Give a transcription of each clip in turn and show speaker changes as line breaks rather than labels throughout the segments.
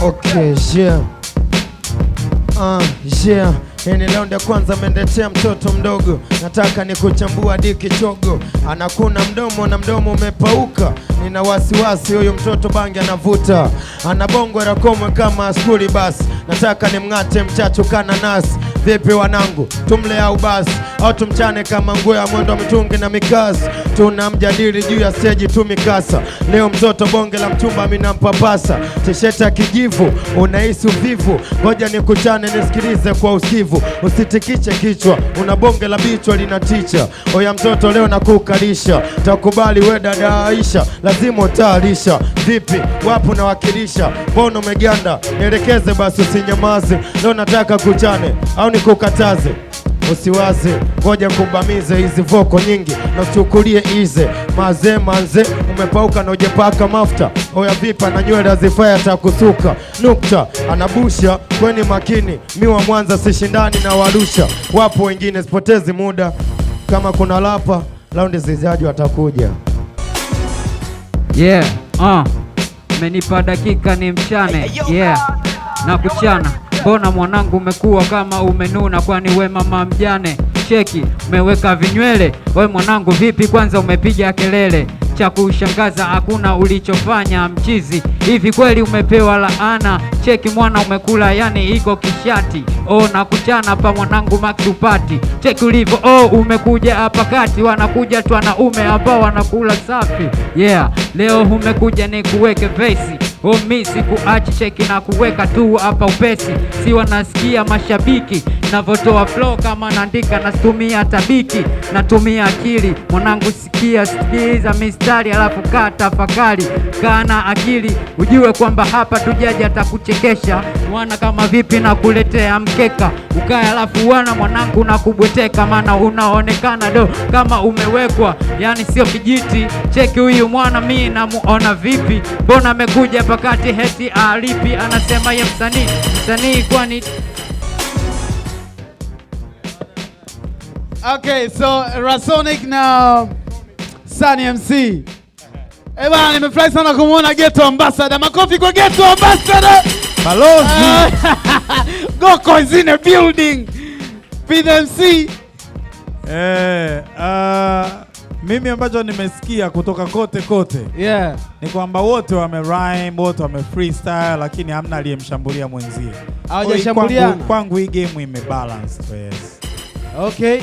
Okay, yeah. Uh, yeah. Hili leo kwanza mendetea mtoto mdogo, nataka ni kuchambua diki chogo, anakuna mdomo na mdomo umepauka. Nina wasiwasi huyu mtoto bangi anavuta, anabongo rakomwe kama askuli. Basi nataka ni mng'ate mchachu kana nasi Vipi wanangu, tumle au basi au tumchane kama nguo ya mwendo mtungi na mikasi tuna mjadili juu ya seji tu mikasa. Leo mtoto bonge la mchumba minampapasa, tisheti ya kijivu, unahisi uvivu, ngoja nikuchane nisikilize kwa usivu usitikishe kichwa, una bonge la bichwa linaticha. Oya mtoto leo nakukalisha, takubali we dada Aisha, lazima utaalisha. Vipi wapo nawakilisha, mbona umeganda? Nielekeze basi, usinyamaze, leo nataka kuchane au nikukataze? usiwaze, ngoja kubamize hizi voko nyingi, nachukulie ize maze manze, umepauka na ujepaka mafuta, oya vipa na nywele zifaya takusuka nukta, anabusha kweni makini, mi wa Mwanza sishindani na Warusha, wapo wengine, sipotezi muda kama kuna lapa laundi zijaji watakuja.
Yeah, uh, ah, menipa dakika ni mchane yeah, na kuchana mbona mwanangu umekuwa kama umenuna, kwani we mama mjane cheki umeweka vinywele. We mwanangu vipi, kwanza umepiga kelele cha kushangaza hakuna ulichofanya mchizi, hivi kweli umepewa laana? Cheki mwana umekula, yani iko kishati. Oh, na kuchana pa mwanangu makupati cheki ulivyo. Oh, umekuja hapa kati, wanakuja tu wanaume ambao wanakula safi. Yeah, leo umekuja ni kuweke omi oh, sikuachi cheki na kuweka tu hapa upesi, si wanasikia mashabiki navyotoa flow kama naandika, natumia tabiki, natumia akili mwanangu, sikia, sikiliza mistari alafu kaa tafakari, kana akili ujue kwamba hapa tujaji atakuchekesha mwana kama vipi na kuletea mkeka ukae, alafu wana mwanangu na kubweteka, maana unaonekana do kama umewekwa yani sio kijiti. Cheki huyu mwana, mi namuona vipi? Mbona amekuja pakati heti alipi? Anasema ye msanii msanii, kwani Okay, so Rasonic na
Sunny MC. Eh, bana nimefurahi sana kumuona Ghetto Ambassador. Makofi kwa Ghetto Ambassador.
Balozi.
Goko is in a building.
PMC. Eh, uh... Mimi ambacho nimesikia kutoka kote kote, yeah, ni kwamba wote wame rhyme, wote wame freestyle, lakini hamna aliyemshambulia mwenzie. Hawajashambulia Kwangu kwangu hii game ime balance. Yes.
Okay.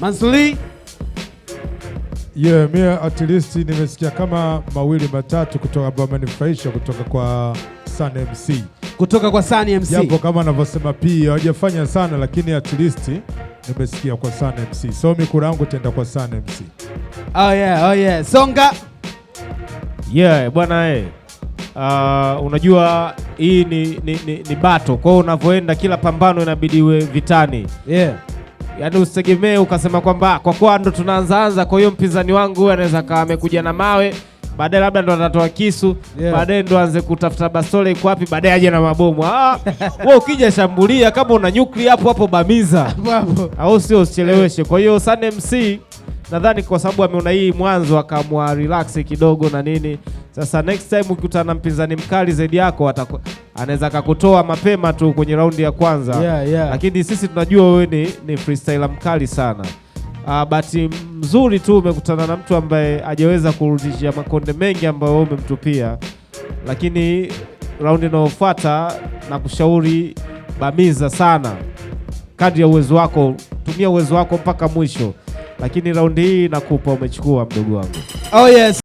Mansuri? Yeah, mimi at least nimesikia kama mawili matatu kutoka ambao amenifurahisha kutoka kwa Sun MC.
Kutoka kwa Sun MC. Japo
kama anavyosema pia hawajafanya sana lakini at least nimesikia kwa Sun MC. So mikura yangu tenda kwa Sun MC.
Oh yeah, oh yeah. Songa.
Yeah, bwana eh. Uh, unajua hii ni, ni, ni, ni bato kwao, unavyoenda kila pambano inabidi iwe vitani yeah. Yaani usitegemee ukasema kwamba ah, kwa kuwa ndo tunaanzaanza, kwa hiyo mpinzani wangu anaweza kawa amekuja na mawe baadaye labda ndo anatoa kisu yeah. Baadaye ndo anze kutafuta basole iko wapi, baadaye aje na mabomu. Ah, wewe ukija shambulia, kama una nyuklia hapo hapo bamiza, au sio? Usicheleweshe. Kwa hiyo Sun MC nadhani kwa sababu ameona hii mwanzo akamwa relax kidogo na nini. Sasa next time ukikutana na mpinzani mkali zaidi yako anaweza akakutoa mapema tu kwenye raundi ya kwanza yeah, yeah. Lakini sisi tunajua wewe ni, ni freestyler mkali sana uh, but mzuri tu, umekutana na mtu ambaye hajaweza kurudishia makonde mengi ambayo wewe umemtupia, lakini raundi inayofuata na kushauri bamiza sana kadri ya uwezo wako, tumia uwezo wako mpaka mwisho, lakini raundi hii nakupa, umechukua mdogo wangu. Oh yes.